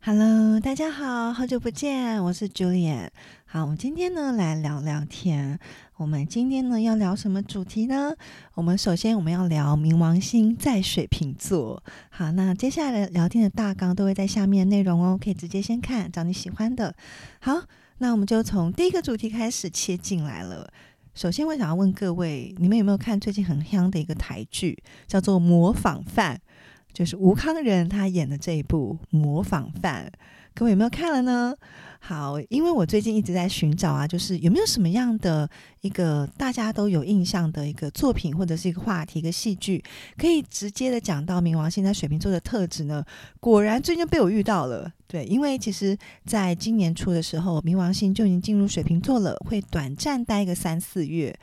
Hello，大家好，好久不見，我是 Julian。好，我們今天呢來聊聊天。我們今天呢要聊什麼主題呢？我們首先我們要聊冥王星在水瓶座。好，那接下來的聊天的大綱都會在下面內容哦，可以直接先看，找你喜歡的。好，那我們就從第一個主題開始切進來了。首先，我想要問各位，你們有沒有看最近很香的一個台劇，叫做《模仿犯》？就是吳慷仁他演的這一部《模仿犯》，各位有沒有看了呢？好，因為我最近一直在尋找啊，就是有沒有什麼樣的一個大家都有印象的一個作品或者是一個話題、一個戲劇，可以直接的講到冥王星在水瓶座的特質呢？果然最近被我遇到了。對，因為其實在今年初的時候，冥王星就已經進入水瓶座了，會短暫待個三四月。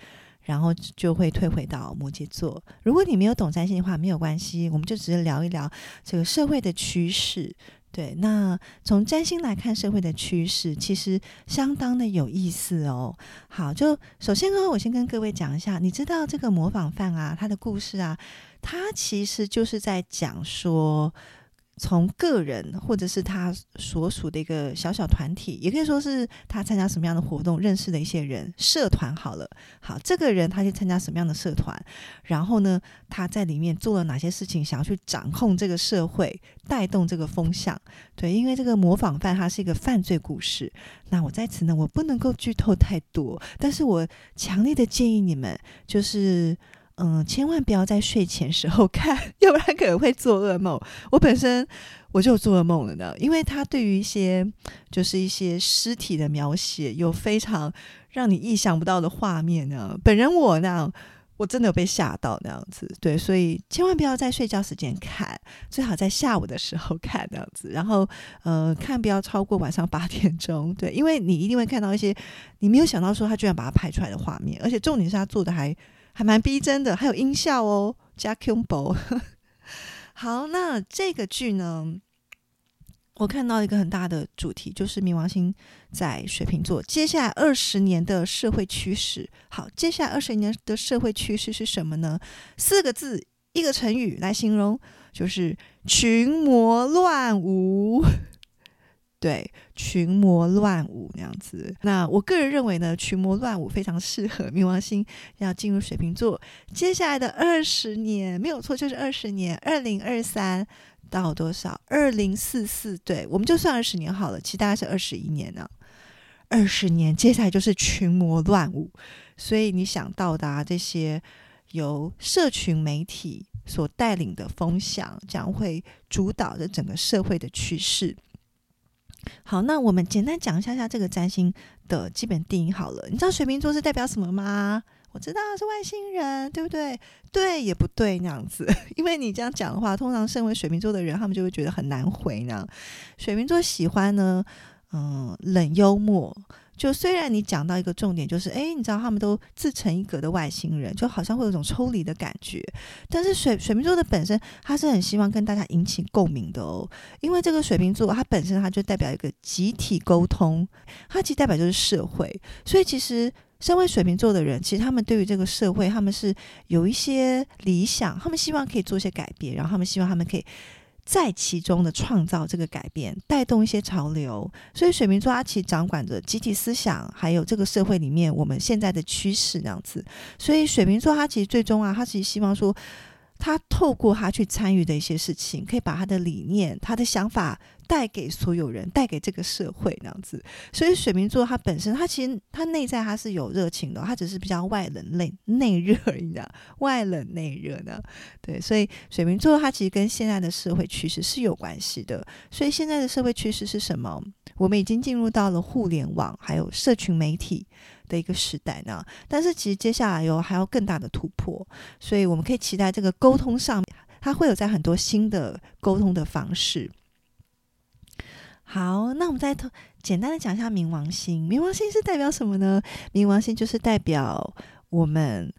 然後就會退回到摩羯座。如果你沒有懂占星的話，沒有關係，我們就直接聊一聊這個社會的趨勢。對，那從占星來看社會的趨勢，其實相當的有意思哦。好，就首先呢、哦，我先跟各位講一下，你知道這個模仿犯啊，他的故事啊，他其實就是在講說。從個人，或者是他所屬的一個小小團體，也可以說是他參加什麼樣的活動，認識的一些人，社團好了。好，這個人他去參加什麼樣的社團，然後呢，他在裡面做了哪些事情，想要去掌控這個社會，帶動這個風向。對，因為這個模仿犯他是一個犯罪故事。那我在此呢，我不能夠劇透太多，但是我強烈的建議你們就是。嗯，千萬不要在睡前時候看，要不然可能會做噩夢。我本身我就做噩夢了呢，因為他對於一些就是一些屍體的描寫，有非常讓你意想不到的畫面呢。本人我呢，我真的有被嚇到那樣子。對，所以千萬不要在睡覺時間看，最好在下午的時候看那樣子。然後呃，看不要超過晚上八點鐘，對，因為你一定會看到一些你沒有想到說他居然把他拍出來的畫面，而且重點是他做的還還蠻逼真的，還有音效哦，加 a c k b。好，那這個劇呢，我看到一個很大的主題，就是冥王星在水瓶座，接下來二十年的社會趨勢。好，接下來二十年的社會趨勢是什麼呢？四個字，一個成語來形容，就是群魔亂舞。對，群魔亂舞那樣子。那我個人認為呢，群魔亂舞非常適合冥王星要進入水瓶座接下來的二十年，沒有錯，就是二十年，二零二三到多少？二零四四。對，我們就算二十年好了，其實大概是二十一年呢。二十年，接下來就是群魔亂舞。所以你想到達這些由社群媒體所帶領的風向，將會主導着整個社會的趨勢。好，那我們簡單講一下下這個占星的基本定義好了。你知道水瓶座是代表什麼嗎？我知道是外星人，對不對？對也不對那樣子，因為你這樣講的話，通常身為水瓶座的人，他們就會覺得很難回那樣。水瓶座喜歡呢，嗯、呃，冷幽默。就雖然你講到一個重點，就是哎、欸，你知道他們都自成一格的外星人，就好像會有一種抽離的感覺。但是水水瓶座的本身，它是很希望跟大家引起共鳴的哦。因為這個水瓶座，它本身它就代表一個集體溝通，它其實代表就是社會。所以其實身為水瓶座的人，其實他們對於這個社會，他們是有一些理想，他們希望可以做一些改變，然後他們希望他們可以。在其中的創造這個改變，帶動一些潮流。所以水瓶座他其實掌管着集體思想，還有這個社會裡面我們現在的趨勢那樣子。所以水瓶座他其實最終啊，他其實希望說。他透過他去參與的一些事情，可以把他的理念、他的想法帶給所有人，帶給這個社會那樣子。所以水瓶座他本身，他其實他內在他是有熱情的，他只是比較外冷內內熱，而已。外冷內熱呢？對，所以水瓶座他其實跟現在的社會趨勢是有關係的。所以現在的社會趨勢是什麼？我們已經進入到了互聯網，還有社群媒體。的一個時代呢，但是其實接下來有還要更大的突破，所以我們可以期待這個溝通上面，它會有在很多新的溝通的方式。好，那我們再簡單的講一下冥王星，冥王星是代表什麼呢？冥王星就是代表我們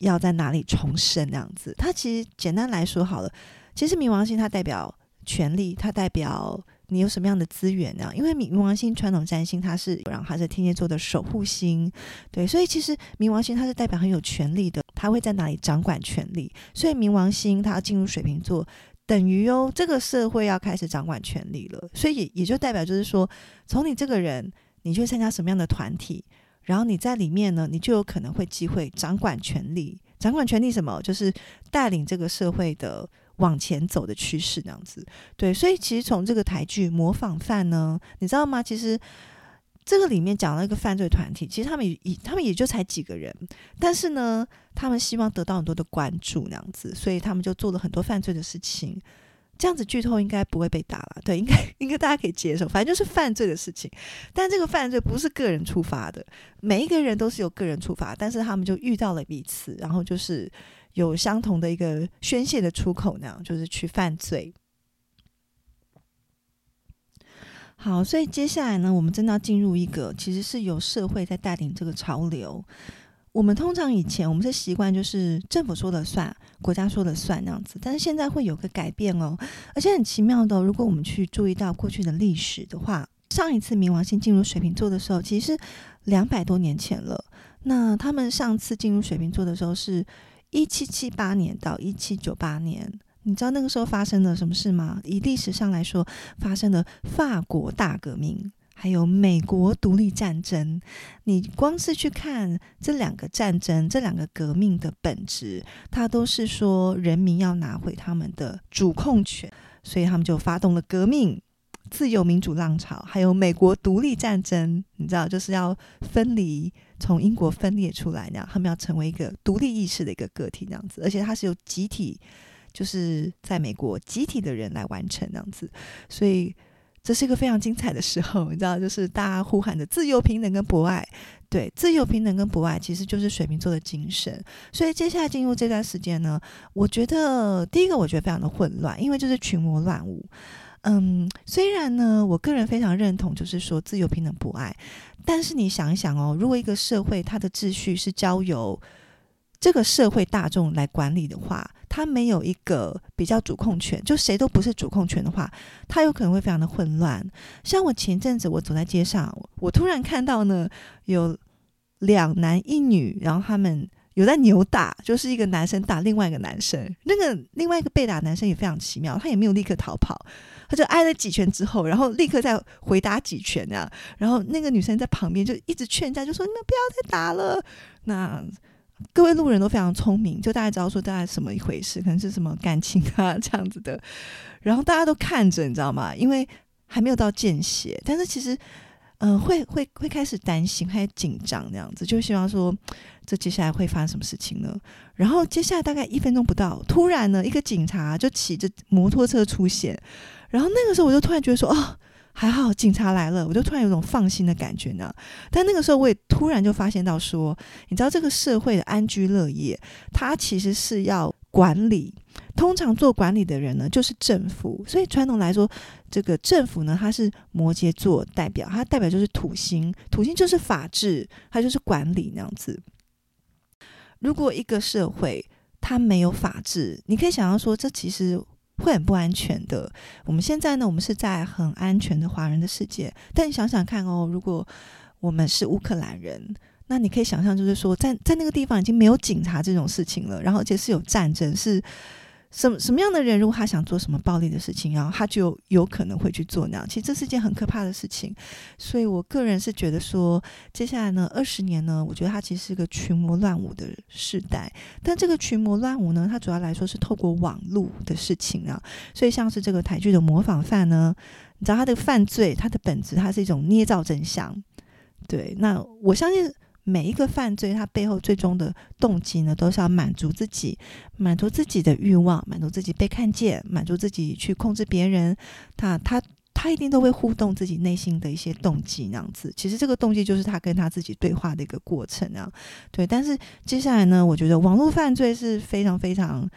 要在哪裡重生那樣子。它其實簡單來說好了，其實冥王星它代表權力，它代表。你有什麼樣的資源呢、啊？因為冥冥王星傳統占星，它是然後還是天蠍座的守護星，對，所以其實冥王星它是代表很有權力的，它會在哪裡掌管權力？所以冥王星它要進入水瓶座，等於哦，這個社會要開始掌管權力了。所以也，也就代表就是說，從你這個人，你去參加什麼樣的團體，然後你在裡面呢，你就有可能會機會掌管權力。掌管權力什麼？就是帶領這個社會的往前走的趨勢那樣子，對，所以其實從這個台劇《模仿犯》呢，你知道嗎？其實這個裡面講了一個犯罪團體，其實他們也他們也就才幾個人，但是呢，他們希望得到很多的關注那樣子，所以他們就做了很多犯罪的事情。這樣子劇透應該不會被打了，對，應該應該大家可以接受。反正就是犯罪的事情，但這個犯罪不是個人觸發的，每一個人都是由個人觸發，但是他們就遇到了彼此，然後就是。有相同的一個宣洩的出口那樣，就是去犯罪。好，所以接下來呢，我們真的要進入一個，其實是由社會在帶領這個潮流。我們通常以前我們是習慣就是政府說了算，國家說了算那樣子，但是現在會有個改變哦，而且很奇妙的哦，如果我們去注意到過去的歷史的話，上一次冥王星進入水瓶座的時候，其實兩百多年前了。那他們上次進入水瓶座的時候是。一七七八年到一七九八年，你知道那個時候發生了什麼事嗎？以歷史上來說，發生了法國大革命，還有美國獨立戰爭。你光是去看這兩個戰爭、這兩個革命的本質，它都是說人民要拿回他們的主控權，所以他們就發動了革命、自由民主浪潮，還有美國獨立戰爭。你知道，就是要分離。從英國分裂出來那樣，他們要成為一個獨立意識的一個個體那樣子，而且它是由集體，就是在美國集體的人來完成那樣子，所以這是一個非常精彩的時候，你知道，就是大家呼喊的自由、平等跟博愛，對，自由、平等跟博愛其實就是水瓶座的精神，所以接下來進入這段時間呢，我覺得第一個我覺得非常的混亂，因為就是群魔亂舞。嗯，雖然呢，我個人非常認同，就是說自由平等、博愛，但是你想一想哦，如果一個社會它的秩序是交由這個社會大眾來管理的話，它沒有一個比較主控權，就誰都不是主控權的話，它有可能會非常的混亂。像我前陣子我走在街上，我突然看到呢，有兩男一女，然後他們，有在扭打，就是一個男生打另外一個男生，那個另外一個被打男生也非常奇妙，他也沒有立刻逃跑，他就捱了幾拳之後，然後立刻再回打幾拳這、啊、樣，然後那個女生在旁邊就一直勸架，就說你們不要再打了。那各位路人都非常聰明，就大家知道說大概是什麼一回事，可能是什麼感情啊這樣子的，然後大家都看着，你知道嗎？因為還沒有到見血，但是其實。嗯、呃，會會會開始擔心，開始緊張，那樣子就希望說，這接下來會發生什麼事情呢？然後接下來大概一分鐘不到，突然呢，一個警察就騎着摩托車出現，然後那個時候我就突然覺得說，哦，還好警察來了，我就突然有種放心的感覺呢。但那個時候我也突然就發現到說，你知道這個社會的安居樂業，它其實是要管理。通常做管理的人呢，就是政府。所以傳統來說，這個政府呢，它是摩羯座代表，它代表就是土星，土星就是法治，它就是管理那樣子。如果一個社會它沒有法治，你可以想象說，這其實會很不安全的。我們現在呢，我們是在很安全的華人的世界，但你想想看哦，如果我們是烏克蘭人，那你可以想象，就是說，在在那個地方已經沒有警察這種事情了，然後而且是有戰爭是。什麼什麼樣的人，如果他想做什麼暴力的事情，然後他就有可能會去做那樣。其實這是一件很可怕的事情，所以我個人是覺得說，接下來呢，二十年呢，我覺得他其實是個群魔亂舞的時代。但這個群魔亂舞呢，它主要來說是透過網絡的事情啊。所以像是這個台劇的模仿犯呢，你知道他的犯罪，他的本質，它是一種捏造真相。對，那我相信。每一個犯罪，他背後最終的動機呢，都是要滿足自己，滿足自己的慾望，滿足自己被看見，滿足自己去控制別人。他他他一定都會互動自己內心的一些動機那樣子。其實這個動機就是他跟他自己對話的一個過程啊。對，但是接下來呢，我覺得網絡犯罪是非常非常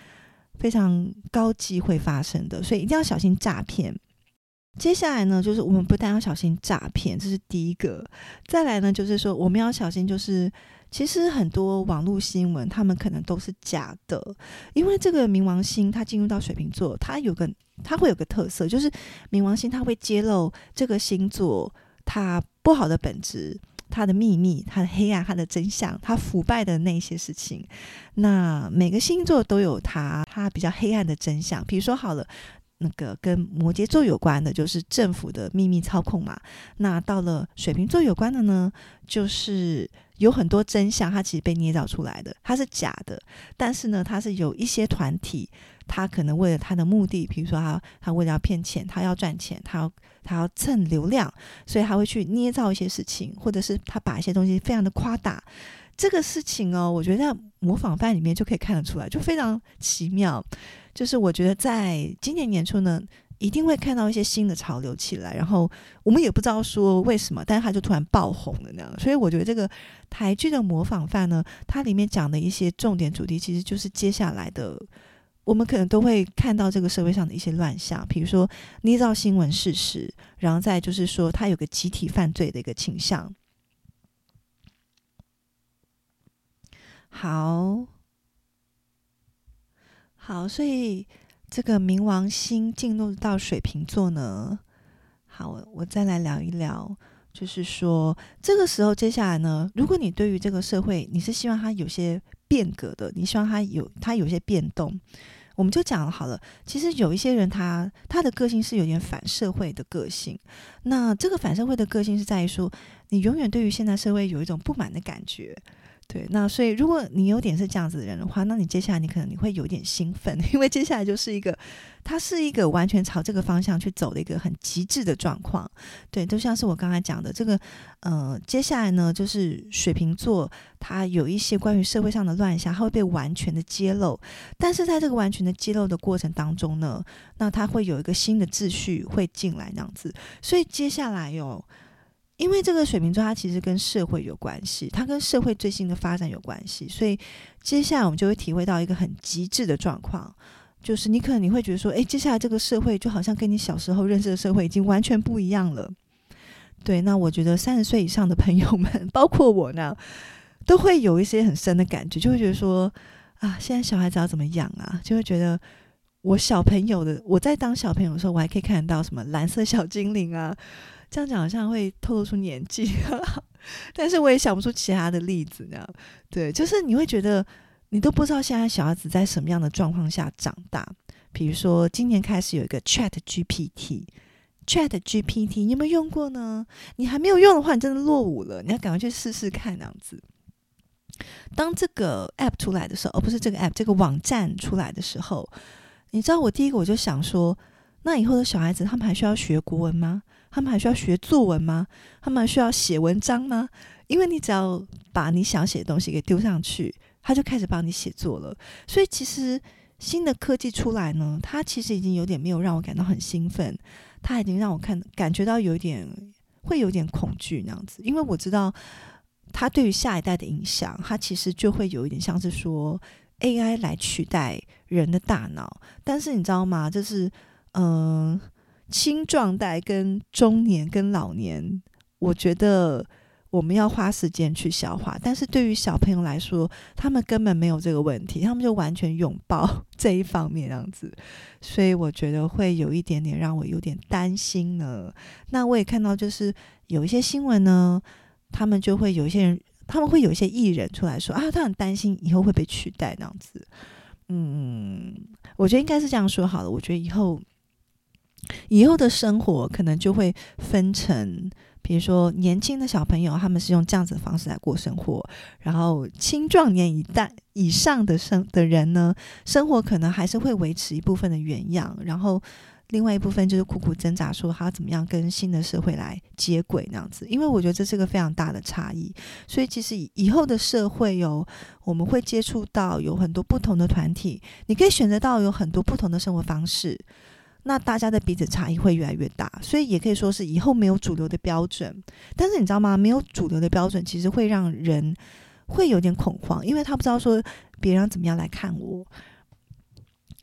非常高機會發生的，所以一定要小心詐騙。接下來呢，就是我們不但要小心詐騙，這是第一個。再來呢，就是說我們要小心，就是其實很多網絡新聞，他們可能都是假的。因為這個冥王星它進入到水瓶座，它有個它會有個特色，就是冥王星它會揭露這個星座它不好的本質、它的秘密、它的黑暗、它的真相、它腐敗的那些事情。那每個星座都有它它比較黑暗的真相，比如說好了。那個跟摩羯座有關的，就是政府的秘密操控嘛。那到了水瓶座有關的呢，就是有很多真相，它其實被捏造出來的，它是假的。但是呢，它是有一些團體，他可能為了他的目的，比如說他他為了要騙錢，他要賺錢，他要，他要蹭流量，所以他會去捏造一些事情，或者是他把一些東西非常的誇大。這個事情哦，我覺得在模仿犯裡面就可以看得出來，就非常奇妙。就是我覺得在今年年初呢，一定會看到一些新的潮流起來，然後我們也不知道說為什麼，但是他就突然爆紅了那樣。所以我覺得這個台劇的模仿犯呢，它裡面講的一些重點主題，其實就是接下來的我們可能都會看到這個社會上的一些亂象，比如說捏造新聞事實，然後再就是說它有個集體犯罪的一個傾向。好，好，所以這個冥王星進入到水瓶座呢，好，我再來聊一聊，就是說這個時候接下來呢，如果你對於這個社會你是希望它有些變革的，你希望它有它有些變動，我們就講了好了。其實有一些人他他的個性是有點反社會的個性，那這個反社會的個性是在於說，你永遠對於現在社會有一種不滿的感覺。對，那所以如果你有點是這樣子的人的話，那你接下來你可能你會有一點興奮，因為接下來就是一個，他是一個完全朝這個方向去走的一個很極致的狀況。對，就像是我剛才講的這個，呃，接下來呢就是水瓶座，他有一些關於社會上的亂象，它會被完全的揭露。但是在這個完全的揭露的過程當中呢，那他會有一個新的秩序會進來那樣子。所以接下來喲、哦。因為這個水瓶座，它其實跟社會有關係，它跟社會最新的發展有關係，所以接下來我們就會體會到一個很極致的狀況，就是你可能你會覺得說，誒、欸，接下來這個社會就好像跟你小時候認識的社會已經完全不一樣了。對，那我覺得三十歲以上的朋友們，包括我呢，都會有一些很深的感覺，就會覺得說，啊，現在小孩子要怎麼養啊？就會覺得。我小朋友的，我在當小朋友的時候，我還可以看得到什麼藍色小精靈啊？這樣講好像會透露出年紀啊，但是我也想不出其他的例子呢。對，就是你會覺得你都不知道現在小孩子在什麼樣的狀況下長大。比如說，今年開始有一個 Chat GPT，Chat GPT 你有沒有用過呢？你還沒有用的話，你真的落伍了，你要趕快去試試看那樣子。當這個 App 出來的時候，而、哦、不是這個 App，這個網站出來的時候。你知道我第一個我就想說，那以後的小孩子他們還需要學國文嗎？他們還需要學作文嗎？他們還需要寫文章嗎？因為你只要把你想寫的東西給丟上去，他就開始幫你寫作了。所以其實新的科技出來呢，它其實已經有點沒有讓我感到很興奮，他已經讓我看感覺到有點會有點恐懼那樣子，因為我知道他對於下一代的影響，他其實就會有一點像是說。AI 來取代人的大腦，但是你知道嗎？就是，嗯、呃，青壯代跟中年跟老年，我覺得我們要花時間去消化。但是對於小朋友來說，他們根本沒有這個問題，他們就完全擁抱這一方面這樣子。所以我覺得會有一點點讓我有點擔心呢。那我也看到就是有一些新聞呢，他們就會有一些人。他們會有一些藝人出來說啊，他很擔心以後會被取代那樣子。嗯，我覺得應該是這樣說好了。我覺得以後以後的生活可能就會分成，比如說年輕的小朋友他們是用這樣子的方式來過生活，然後青壯年一代以上的生的人呢，生活可能還是會維持一部分的原樣，然後。另外一部分就是苦苦掙扎，說他要怎麼樣跟新的社會來接軌那樣子，因為我覺得這是個非常大的差異。所以其實以,以後的社會有、哦，我們會接觸到有很多不同的團體，你可以選擇到有很多不同的生活方式。那大家的彼此差異會越來越大，所以也可以說是以後沒有主流的標準。但是你知道嗎？沒有主流的標準，其實會讓人會有點恐慌，因為他不知道說別人怎麼樣來看我。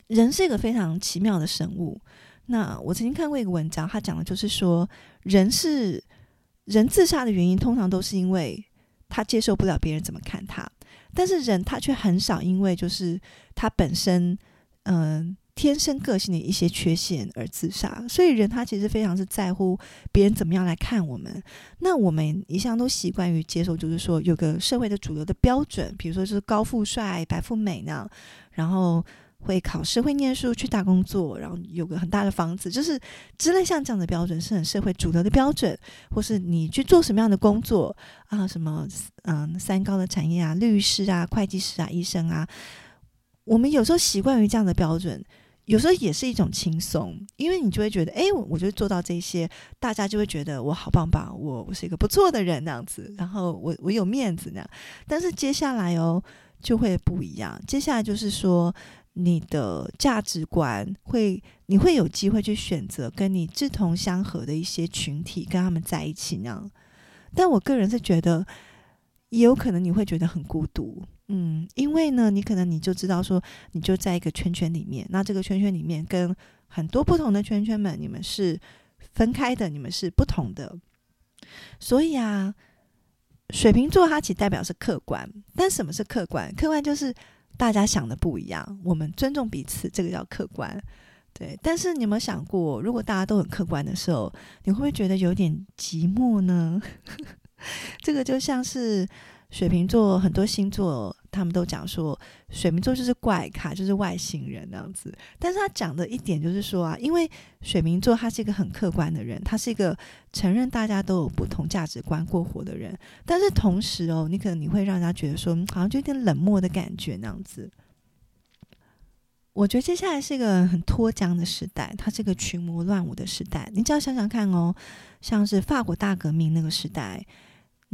人是一個非常奇妙的生物。那我曾經看過一個文章，他講的就是說，人是人自殺的原因，通常都是因為他接受不了別人怎麼看他，但是人他卻很少因為就是他本身嗯、呃、天生個性的一些缺陷而自殺，所以人他其實非常是在乎別人怎麼樣來看我們。那我們一向都習慣於接受，就是說有個社會的主流的標準，比如說就是高富帥、白富美呢，然後。會考試，會念書，去大工作，然後有個很大的房子，就是之類像這樣的標準是很社會主流的標準，或是你去做什麼樣的工作啊，什麼嗯三高的產業啊，律師啊，會計師啊，醫生啊。我們有時候習慣於這樣的標準，有時候也是一種輕鬆，因為你就會覺得，哎、欸，我我就做到這些，大家就會覺得我好棒棒，我我是一個不錯的人那樣子，然後我我有面子那樣。但是接下來哦就會不一樣，接下來就是說。你的價值觀會，你會有機會去選擇跟你志同相合的一些群體，跟他們在一起那樣。但我個人是覺得，也有可能你會覺得很孤獨，嗯，因為呢，你可能你就知道說，你就在一個圈圈裡面，那這個圈圈裡面跟很多不同的圈圈們，你們是分開的，你們是不同的。所以啊，水瓶座它其實代表是客觀，但什麼是客觀？客觀就是。大家想的不一樣，我們尊重彼此，這個叫客觀，對。但是你有沒有想過，如果大家都很客觀的時候，你會不會覺得有點寂寞呢？ 這個就像是水瓶座，很多星座哦。他們都講說水瓶座就是怪咖，就是外星人那樣子。但是他講的一點就是說啊，因為水瓶座他是一個很客觀的人，他是一個承認大家都有不同價值觀過活的人。但是同時哦，你可能你會讓人家覺得說好像就有點冷漠的感覺那樣子。我覺得接下來是一個很脫韁的時代，它是一個群魔亂舞的時代。你只要想想看哦，像是法國大革命那個時代。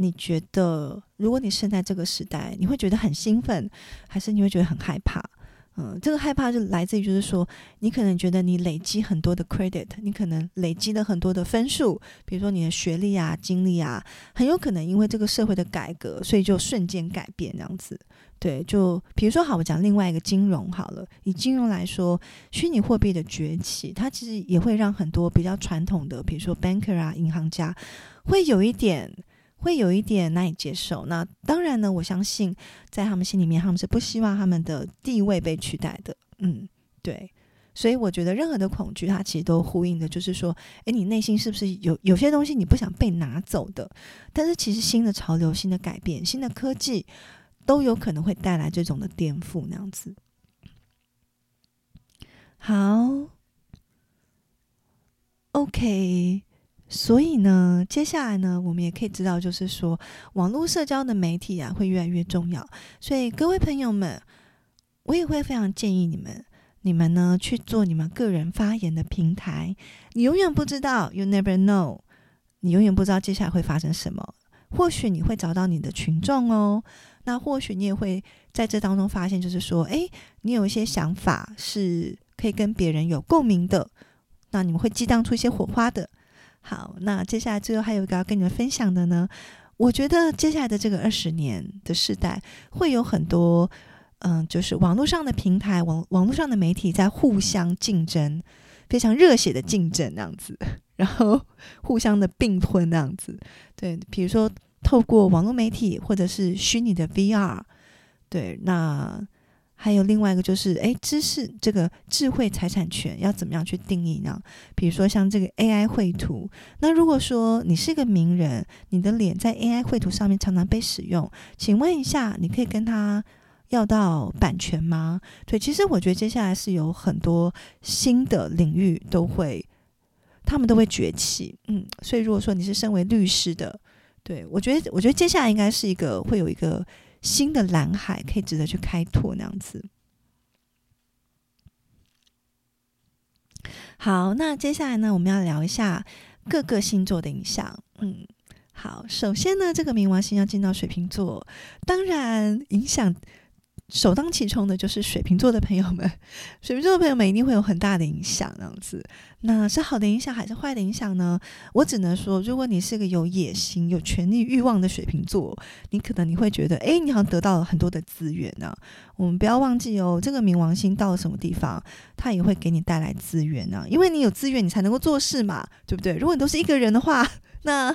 你覺得，如果你生在這個時代，你會覺得很興奮，還是你會覺得很害怕？嗯，這個害怕就來自於，就是說，你可能覺得你累積很多的 credit，你可能累積了很多的分數，比如說你的學歷啊、經歷啊，很有可能因為這個社會的改革，所以就瞬間改變這樣子。對，就比如說，好，我講另外一個金融好了，以金融來說，虛擬貨幣的崛起，它其實也會讓很多比較傳統的，比如說 banker 啊、銀行家，會有一點。會有一點難以接受。那當然呢，我相信在他們心裡面，他們是不希望他們的地位被取代的。嗯，對。所以我覺得任何的恐懼，它其實都呼應的，就是說，誒，你內心是不是有有些東西你不想被拿走的？但是其實新的潮流、新的改變、新的科技，都有可能會帶來這種的顛覆那樣子。好，OK。所以呢，接下來呢，我們也可以知道，就是說，網絡社交的媒體啊，會越來越重要。所以各位朋友們，我也會非常建議你們，你們呢去做你們個人發言的平台。你永遠不知道，you never know，你永遠不知道接下來會發生什麼。或許你會找到你的群眾哦，那或許你也會在這當中發現，就是說，哎、欸，你有一些想法是可以跟別人有共鳴的，那你們會激盪出一些火花的。好，那接下來最後還有一個要跟你們分享的呢，我覺得接下來的這個二十年的時代會有很多，嗯，就是網絡上的平台網網絡上的媒體在互相競爭，非常熱血的競爭那樣子，然後互相的併吞那樣子，對，比如說透過網絡媒體或者是虛擬的 VR，對，那。還有另外一個就是，誒、欸，知識這個智慧財產權要怎麼樣去定義呢？比如說像這個 AI 繪圖，那如果說你是一個名人，你的臉在 AI 繪圖上面常常被使用，請問一下，你可以跟他要到版權嗎？對，其實我覺得接下來是有很多新的領域都會，他們都會崛起。嗯，所以如果說你是身為律師的，對我覺得，我覺得接下來應該是一個會有一個。新的藍海可以值得去開拓那樣子。好，那接下來呢，我們要聊一下各個星座的影響。嗯，好，首先呢，這個冥王星要進到水瓶座，當然影響。首當其衝的就是水瓶座的朋友們，水瓶座的朋友們一定會有很大的影響。那樣子，那是好的影響還是壞的影響呢？我只能說，如果你是個有野心、有權力欲望的水瓶座，你可能你會覺得，哎、欸，你好像得到了很多的資源呢、啊。我們不要忘記哦，這個冥王星到了什麼地方，它也會給你帶來資源呢、啊。因為你有資源，你才能夠做事嘛，對不對？如果你都是一個人的話，那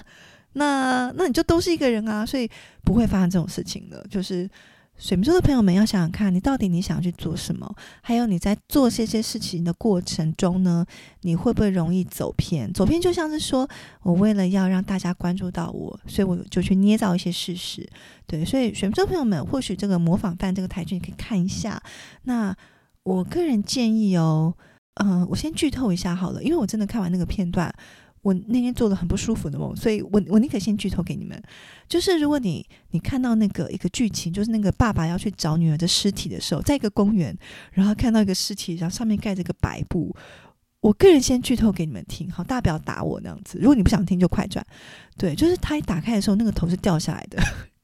那那你就都是一個人啊，所以不會發生這種事情的，就是。水瓶座的朋友們要想想看，你到底你想去做什麼？還有你在做這些事情的過程中呢，你會不會容易走偏？走偏就像是說我為了要讓大家關注到我，所以我就去捏造一些事實。對，所以水瓶座朋友們，或許這個模仿犯這個台劇你可以看一下。那我個人建議哦，嗯，我先劇透一下好了，因為我真的看完那個片段。我那天做了很不舒服的夢，所以我我寧可先劇透給你們，就是如果你你看到那個一個劇情，就是那個爸爸要去找女兒的屍體的時候，在一個公園，然後看到一個屍體，然後上面蓋着一個白布。我個人先劇透給你們聽，好，大家不要打我那樣子。如果你不想聽，就快轉。對，就是他一打開的時候，那個頭是掉下來的。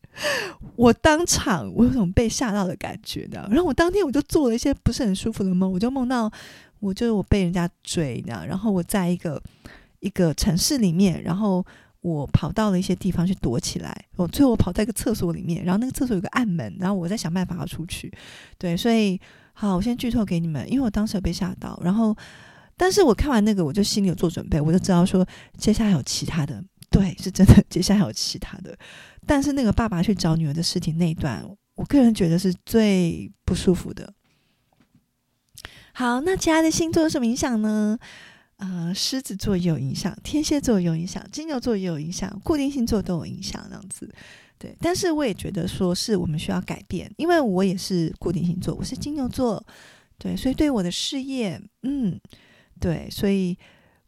我當場我有種被嚇到的感覺，的。然後我當天我就做了一些不是很舒服的夢，我就夢到我就是我被人家追呢，然後我在一個。一個城市裡面，然後我跑到了一些地方去躲起來，我最後跑在一個廁所裡面，然後那個廁所有個暗門，然後我在想辦法要出去。對，所以好，我先劇透給你們，因為我當時有被嚇到。然後，但是我看完那個，我就心裡有做準備，我就知道說，接下來有其他的，對，是真的，接下來有其他的。但是那個爸爸去找女兒的事情那一段，我個人覺得是最不舒服的。好，那其他的星座有什麼影響呢？呃，獅子座有影響，天蠍座有影響，金牛座也有影響，固定星座都有影響，這樣子，對。但是我也覺得說是我們需要改變，因為我也是固定星座，我是金牛座，對，所以對我的事業，嗯，對，所以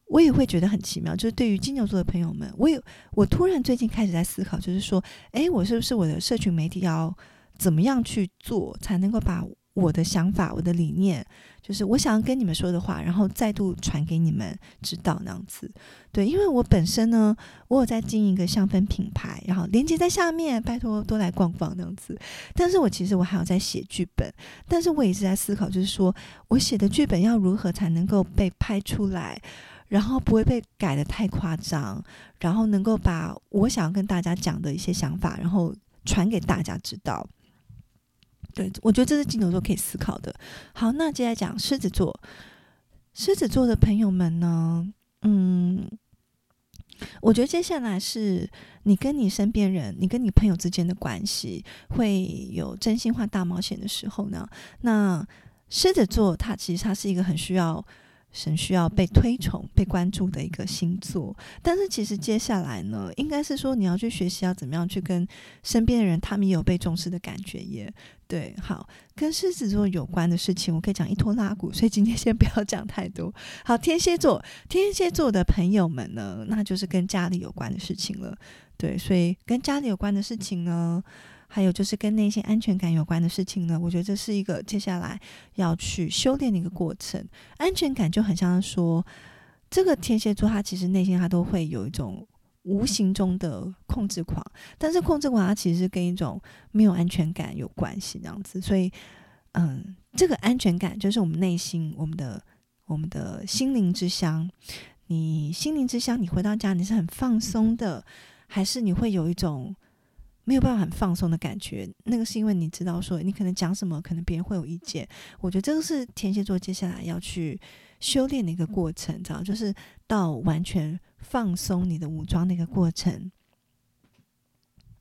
我也會覺得很奇妙，就是對於金牛座的朋友們，我也我突然最近開始在思考，就是說，誒、欸，我是不是我的社群媒體要怎麼樣去做才能夠把我。我的想法，我的理念，就是我想要跟你們說的話，然後再度傳給你們知道那樣子。對，因為我本身呢，我有在經營一個香氛品牌，然後連接在下面，拜託多來逛逛那樣子。但是我其實我還有在寫劇本，但是我一直在思考，就是說我寫的劇本要如何才能夠被拍出來，然後不會被改的太誇張，然後能夠把我想要跟大家講的一些想法，然後傳給大家知道。對，我覺得這是金牛座可以思考的。好，那接下來講獅子座。獅子座的朋友們呢？嗯，我覺得接下來是你跟你身邊人，你跟你朋友之間的關係會有真心話大冒險的時候呢。那獅子座，它其實它是一個很需要。神需要被推崇、被關注的一個星座，但是其實接下來呢，應該是說你要去學習要怎麼樣去跟身邊的人，他們也有被重視的感覺也對。好，跟獅子座有關的事情我可以講一拖拉庫，所以今天先不要講太多。好，天蠍座，天蠍座的朋友們呢，那就是跟家裡有關的事情了。對，所以跟家裡有關的事情呢。還有就是跟內心安全感有關的事情呢，我覺得這是一個接下來要去修煉的一個過程。安全感就很像說，這個天蠍座他其實內心他都會有一種無形中的控制狂，但是控制狂它其實是跟一種沒有安全感有關係這樣子。所以，嗯，這個安全感就是我們內心、我們的、我們的心靈之鄉。你心靈之鄉，你回到家你是很放鬆的，還是你會有一種？沒有辦法很放鬆的感覺，那個是因為你知道，說你可能講什麼，可能別人會有意見。我覺得這個是天蠍座接下來要去修煉的一個過程，知道？就是到完全放鬆你的武裝的一個過程。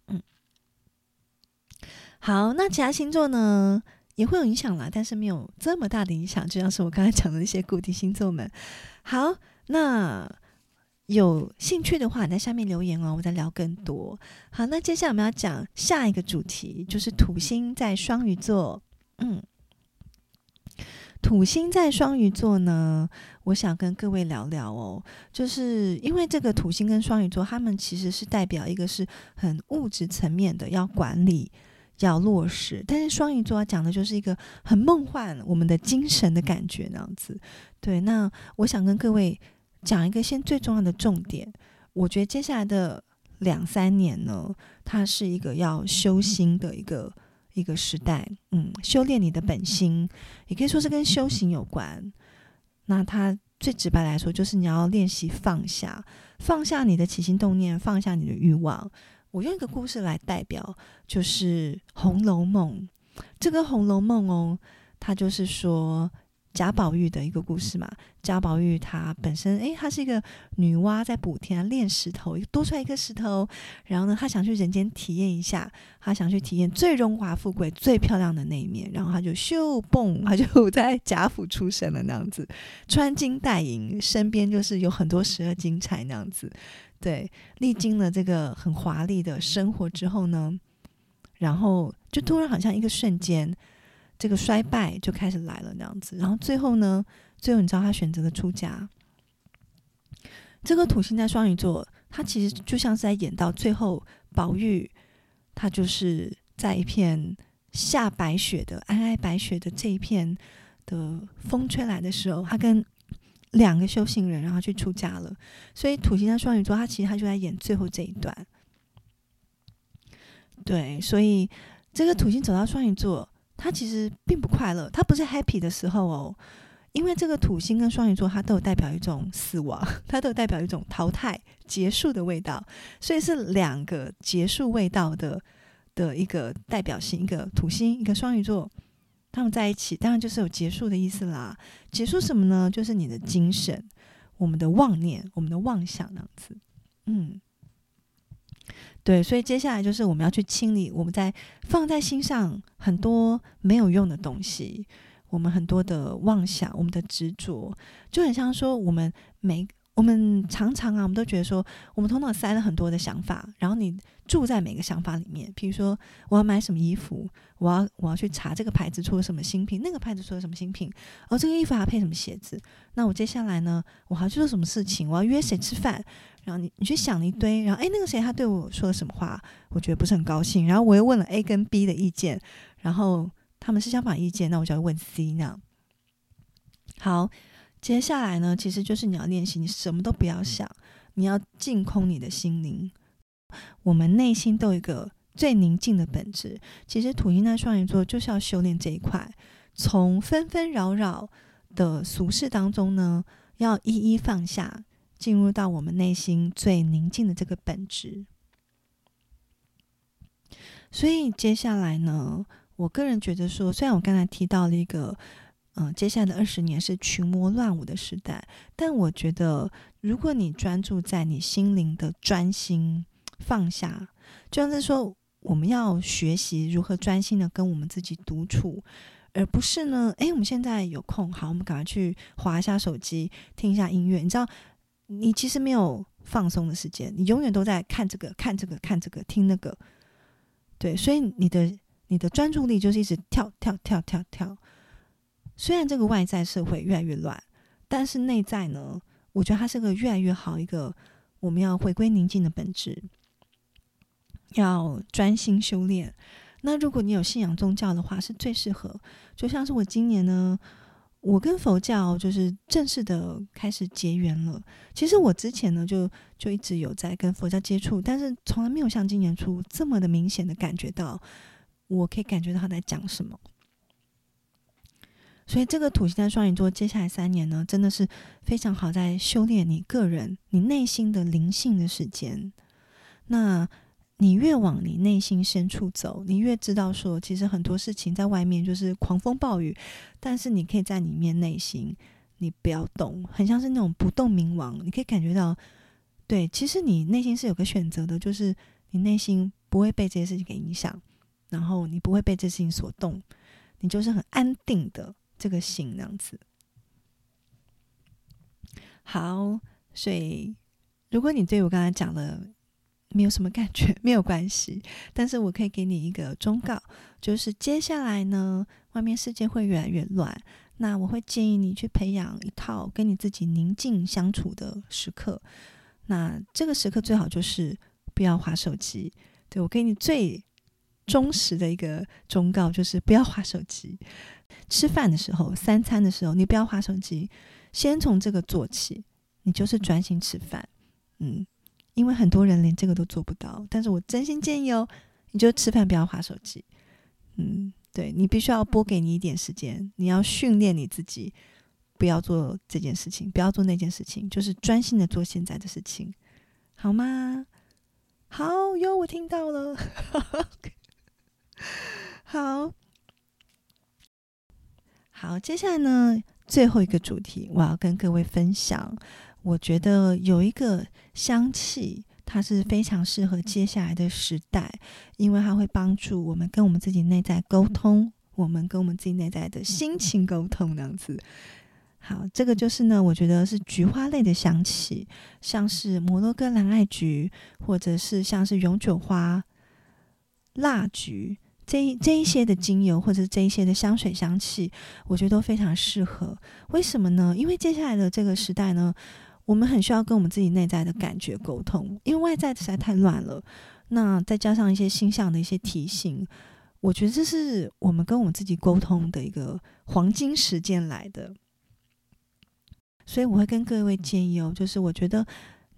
嗯，好，那其他星座呢也會有影響啦，但是沒有這麼大的影響，就像是我剛才講的那些固定星座們。好，那。有興趣的話，在下面留言哦，我再聊更多。好，那接下來我們要講下一個主題，就是土星在雙魚座。嗯，土星在雙魚座呢，我想跟各位聊聊哦，就是因為這個土星跟雙魚座，他們其實是代表一個是很物質層面的，要管理、要落實。但是雙魚座要講的就是一個很夢幻、我們的精神的感覺那樣子。對，那我想跟各位。講一個先最重要的重點，我覺得接下來的兩三年呢，它是一個要修心的一個一個時代，嗯，修煉你的本心，也可以說是跟修行有關。那它最直白來說，就是你要練習放下，放下你的起心動念，放下你的欲望。我用一個故事來代表，就是《紅樓夢》。這個《紅樓夢》哦，它就是說。賈寶玉的一個故事嘛，賈寶玉他本身，哎、欸，他是一個女媧在補天練石頭，多出來一個石頭，然後呢，他想去人間體驗一下，他想去體驗最榮華富貴、最漂亮的那一面，然後他就咻嘣，他就在賈府出生了那樣子，穿金戴銀，身邊就是有很多十二金釵那樣子，對，歷經了這個很華麗的生活之後呢，然後就突然好像一個瞬間。這個衰敗就開始來了，那樣子。然後最後呢？最後你知道他選擇了出家。這個土星在雙魚座，他其實就像是在演到最後。寶玉，他就是在一片下白雪的皚皚白雪的這一片的風吹來的時候，他跟兩個修行人，然後去出家了。所以土星在雙魚座，他其實他就在演最後這一段。對，所以這個土星走到雙魚座。他其實並不快樂，他不是 happy 的時候哦，因為這個土星跟雙魚座，它都有代表一種死亡，它都有代表一種淘汰、結束的味道，所以是兩個結束味道的的一個代表性，一個土星，一個雙魚座，他們在一起，當然就是有結束的意思啦。結束什麼呢？就是你的精神，我們的妄念，我們的妄想，那樣子，嗯。對，所以接下來就是我們要去清理我們再放在心上很多沒有用的東西，我們很多的妄想，我們的執着，就很像說我們每。我們常常啊，我們都覺得說，我們頭腦塞了很多的想法，然後你住在每個想法裡面。譬如說，我要買什麼衣服，我要我要去查這個牌子出了什麼新品，那個牌子出了什麼新品，而、哦、這個衣服還要配什麼鞋子？那我接下來呢，我還要去做什麼事情？我要約誰吃飯？然後你你去想了一堆，然後誒，那個誰他對我說了什麼話？我覺得不是很高興。然後我又問了 A 跟 B 的意見，然後他們是相反意見，那我就要問 C 那樣。好。接下來呢，其實就是你要練習，你什麼都不要想，你要淨空你的心靈。我們內心都有一個最寧靜的本質，其實土星在雙魚座就是要修煉這一塊，從紛紛擾擾的俗世當中呢，要一一放下，進入到我們內心最寧靜的這個本質。所以接下來呢，我個人覺得說，雖然我剛才提到了一個。嗯，接下來的二十年是群魔亂舞的時代。但我覺得，如果你專注在你心靈的專心放下，就像是說，我們要學習如何專心的跟我們自己獨處，而不是呢？哎、欸，我們現在有空，好，我們趕快去滑一下手機，聽一下音樂。你知道，你其實沒有放鬆的時間，你永遠都在看這個，看這個，看這個，聽那個。對，所以你的你的專注力就是一直跳跳跳跳跳。跳跳跳。雖然這個外在社會越來越亂，但是內在呢，我覺得它是個越來越好一個，我們要回歸寧靜的本質，要專心修煉。那如果你有信仰宗教的話，是最適合。就像是我今年呢，我跟佛教就是正式的開始結緣了。其實我之前呢，就就一直有在跟佛教接觸，但是從來沒有像今年初這麼的明顯的感覺到，我可以感覺到他在講什麼。所以，這個土星在雙魚座接下來三年呢，真的是非常好，在修煉你個人、你內心的靈性的時間。那你越往你內心深處走，你越知道說，其實很多事情在外面就是狂風暴雨，但是你可以在裡面內心，你不要動，很像是那種不動明王。你可以感覺到，對，其實你內心是有個選擇的，就是你內心不會被這些事情給影響，然後你不會被這些事情所動，你就是很安定的。這個心那樣子，好。所以，如果你對我剛才講的沒有什麼感覺，沒有關係。但是我可以給你一個忠告，就是接下來呢，外面世界會越來越亂。那我會建議你去培養一套跟你自己寧靜相處的時刻。那這個時刻最好就是不要滑手機。對，我給你最。忠實的一個忠告就是不要滑手機，吃飯的時候，三餐的時候，你不要滑手機。先從這個做起，你就是專心吃飯。嗯，因為很多人連這個都做不到。但是我真心建議哦，你就吃飯不要滑手機。嗯，對，你必須要撥給你一點時間，你要訓練你自己，不要做這件事情，不要做那件事情，就是專心的做現在的事情，好嗎？好喲，yo, 我聽到了。 好好，接下來呢，最後一個主題，我要跟各位分享。我覺得有一個香氣，它是非常適合接下來的時代，因為它會幫助我們跟我們自己內在溝通，我們跟我們自己內在的心情溝通那樣子。好，這個就是呢，我覺得是菊花類的香氣，像是摩洛哥藍艾菊，或者是像是永久花、蠟菊。這一這一些的精油，或者是這一些的香水香氣，我覺得都非常適合。為什麼呢？因為接下來的這個時代呢，我們很需要跟我們自己內在的感覺溝通，因為外在實在太亂了。那再加上一些星象的一些提醒，我覺得這是我們跟我們自己溝通的一個黃金時間來的。所以我會跟各位建議哦，就是我覺得。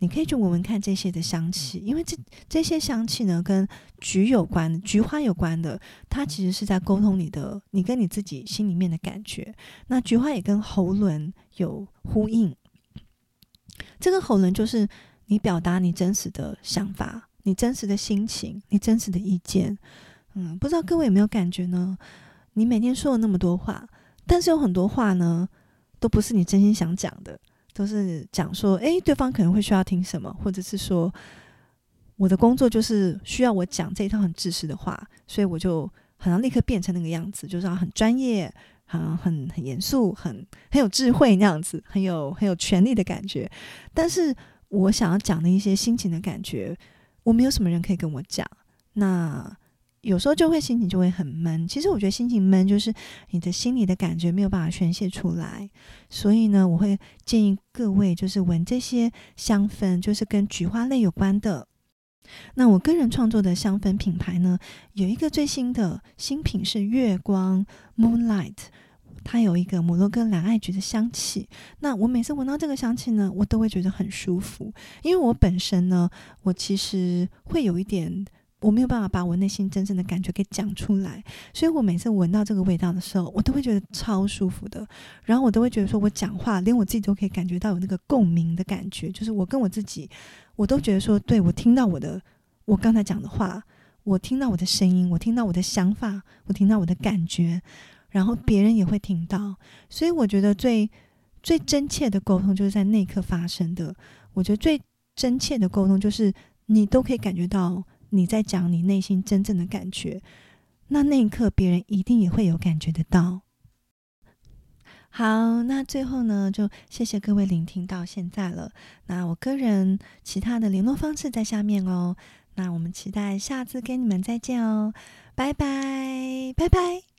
你可以去聞聞看這些的香氣，因為這這些香氣呢，跟菊有關，菊花有關的，它其實是在溝通你的，你跟你自己心裡面的感覺。那菊花也跟喉輪有呼應，這個喉輪就是你表達你真實的想法、你真實的心情、你真實的意見。嗯，不知道各位有沒有感覺呢？你每天說了那麼多話，但是有很多話呢，都不是你真心想講的。都是講說，哎、欸，對方可能會需要聽什麼，或者是說，我的工作就是需要我講這一套很知識的話，所以我就好像立刻變成那個樣子，就是要很專業，很很很嚴肅，很很，很，很有智慧那樣子，很有很有權力的感覺。但是我想要講的一些心情的感覺，我沒有什麼人可以跟我講。那。有時候就會心情就會很悶，其實我覺得心情悶就是你的心裡的感覺沒有辦法宣泄出來，所以呢，我會建議各位就是聞這些香氛，就是跟菊花類有關的。那我個人創作的香氛品牌呢，有一個最新的新品是月光 Moonlight，它有一個摩洛哥藍艾菊的香氣。那我每次聞到這個香氣呢，我都會覺得很舒服，因為我本身呢，我其實會有一點。我沒有辦法把我內心真正的感覺給講出來，所以我每次聞到這個味道的時候，我都會覺得超舒服的。然後我都會覺得說，我講話連我自己都可以感覺到有那個共鳴的感覺，就是我跟我自己，我都覺得說，對，我聽到我的我剛才講的話，我聽到我的聲音，我聽到我的想法，我聽到我的感覺，然後別人也會聽到。所以我覺得最最真切的溝通就是在那一刻發生的。我覺得最真切的溝通就是你都可以感覺到。你在講你內心真正的感覺，那那一刻別人一定也會有感覺得到。好，那最後呢，就謝謝各位聆聽到現在了。那我個人其他的聯絡方式在下面哦。那我們期待下次跟你們再見哦，拜拜，拜拜。